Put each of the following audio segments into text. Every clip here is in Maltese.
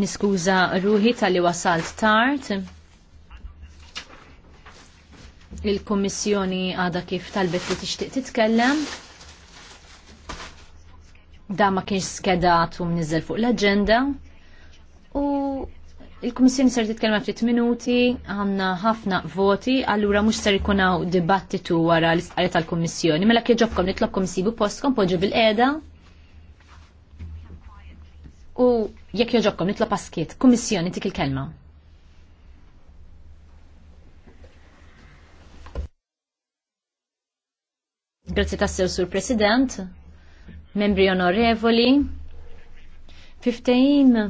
Niskuża ruħi tal-li wasalt tard. Il-Kummissjoni għada kif talbet li tixtieq titkellem. Da ma kienx skedat u mniżel fuq l-aġenda. U il-Kummissjoni ser titkellem ftit minuti, għandna ħafna voti, allura mhux ser ikun dibattitu wara l-istqarri tal-Kummissjoni. Mela kieġobkom nitlobkom sibu postkom poġġu bil-qiegħda. U jekk joġobkom nitla paskiet, kummissjoni tik il-kelma. Grazie tassew sur President, membri onorevoli, 15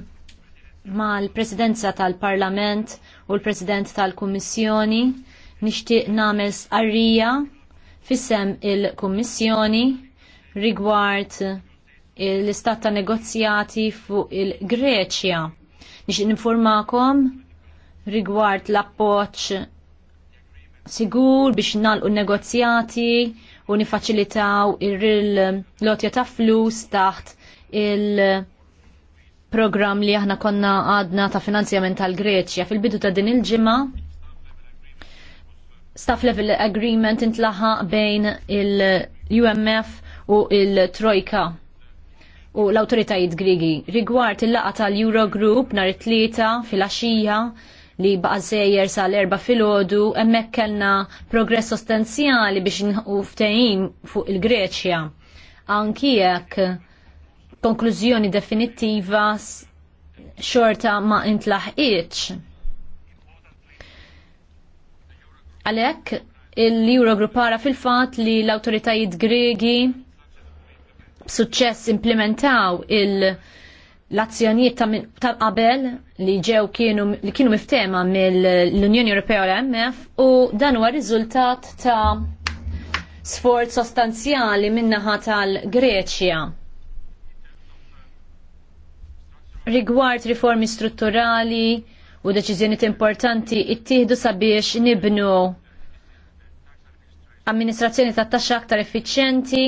ma l-Presidenza tal-Parlament u l-President tal-Kummissjoni nixtieq nagħmel arrija fissem il-Kummissjoni rigward l-istat ta' negozjati fuq il-Greċja. Nix informakom rigward l-appoċ sigur biex nalqu negozjati u nifacilitaw il-lotja ta' flus taħt il-program li aħna konna għadna ta' finanzjament tal-Greċja. Fil-bidu ta' din il-ġimma, staff level agreement intlaħaq bejn il-UMF u il-Trojka u l-autoritajiet Grigi rigward il-laqa tal-Eurogroup nhar it-tlieta fil-għaxija li baqa sejjer sal-erba filgħodu hemmhekk kellna progress sostanzjali biex nħu ftehim fuq il-Greċja. Anki jekk konklużjoni definittiva xorta ma intlaħqitx. Għalhekk il-Eurogroup ara fil-fatt li l-awtoritajiet Gregi b'suċċess implementaw il- l-azzjonijiet ta' qabel li ġew kienu li kienu miftema mill-Unjoni Ewropea u l-MF u dan huwa riżultat ta' sforz sostanzjali min-naħa tal-Greċja. Rigward riformi strutturali u deċiżjonijiet importanti ttieħdu sabiex nibnu amministrazzjoni ta' taxxa aktar effiċjenti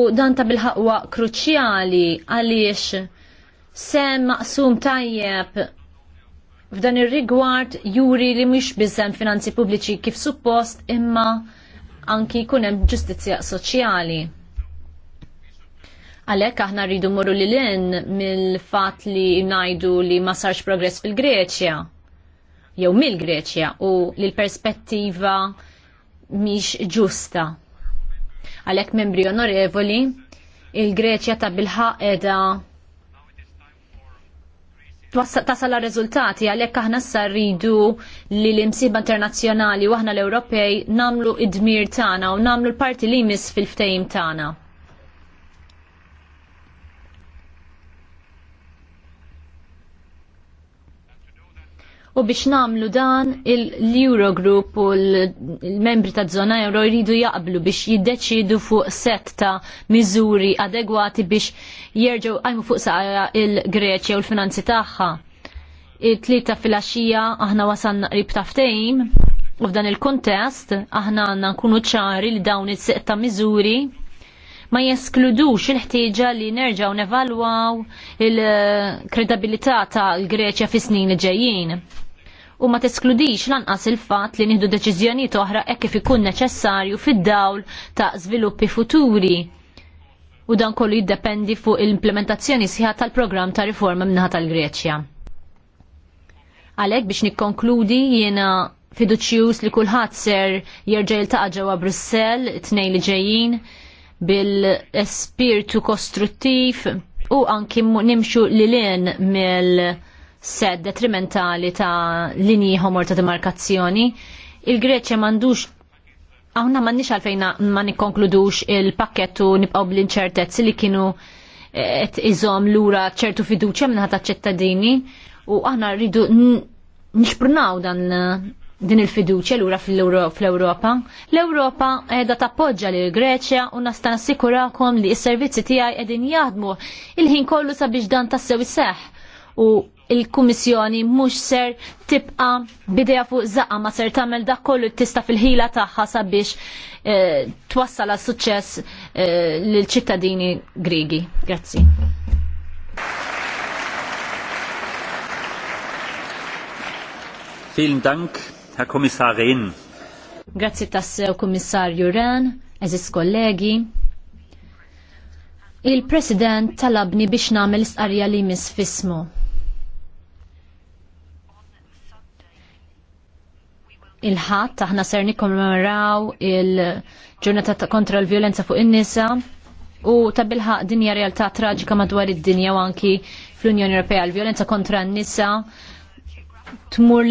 u dan ta' bil-ħaqwa kruċjali għaliex sem maqsum tajjeb f'dan ir-rigward juri li mhux biżem finanzi pubbliċi kif suppost imma anki jkun hemm ġustizzja soċjali. Għalhekk aħna rridu morru lil hinn mill-fatt li ngħidu li ma sarx progress fil-Greċja jew mill-Greċja u lill l-perspettiva miex ġusta. Għalek membri onorevoli, il-Greċja ta' bilħaq edha tasal rezultati għalek aħna sarridu li l-imsiba internazjonali u aħna l-Ewropej namlu id-dmir tana u namlu l-parti li jmiss fil-ftejim tana. U biex namlu dan l-Eurogroup u l-membri ta' zona euro jridu jaqblu biex jiddeċidu fuq set ta' miżuri adegwati biex jerġgħu għajmu fuq saqra il-Greċja u l-finanzi tagħha. Il-tlieta fil-axija aħna wasanna qrib taftejn u f'dan il-kontest aħna għandna nkunu ċari li dawn is-seq ta' miżuri ma jeskludux il-ħtieġa li nerġaw nevalwaw il-kredabilità ta' l-Greċja fis snin li ġejjin u ma teskludix lanqas il-fatt li nieħdu deċiżjonijiet oħra hekk kif ikun neċessarju fid-dawl ta' żviluppi futuri. U dan kollu jiddependi fuq l-implementazzjoni sħiħa tal-programm ta' riforma minnaħa tal-Greċja. Għalhekk biex nikkonkludi jiena fiduċjuż li kulħadd ser jerġa' jiltaqa' ġewwa Brussell it-tnejn li ġejjin bil-spirtu kostruttiv u anki nimxu li mill- sed detrimentali ta' linji homor ta' demarkazzjoni. Il-Greċja mandux għawna mannix għalfejna ma nikkonkludux il-pakketu nibqaw bl-inċertezzi li kienu eh, qed iżom lura ċertu fiduċja minnaħat ċittadini u aħna rridu nixprunaw dan eh, din il-fiduċja lura fl-Ewropa. L-Ewropa qiegħda tappoġġa l Greċja u nasta nassikurakom li s-servizzi tiegħi qegħdin jaħdmu il-ħin kollu sabiex dan tassew is-seħ u il-Kummissjoni mhux ser tibqa' bidea fuq zaqa ma ser tagħmel dak kollu tista' fil-ħila tagħha sabiex eh, twassal għas suċċess eh, lill ċittadini Griegi. Grazzi. Vielen Dank, Herr Kommissarin. Grazzi tassew Kommissarju Ren, eżis kollegi. Il-President talabni biex nagħmel istqarrija li misfismu il-ħadd aħna ser nikommemoraw il-ġurnata kontra l violenza fuq in-nisa u ta' bilħaq dinja realtà traġika madwar id-dinja u anki fl-Unjoni Ewropea l violenza kontra n-nisa tmur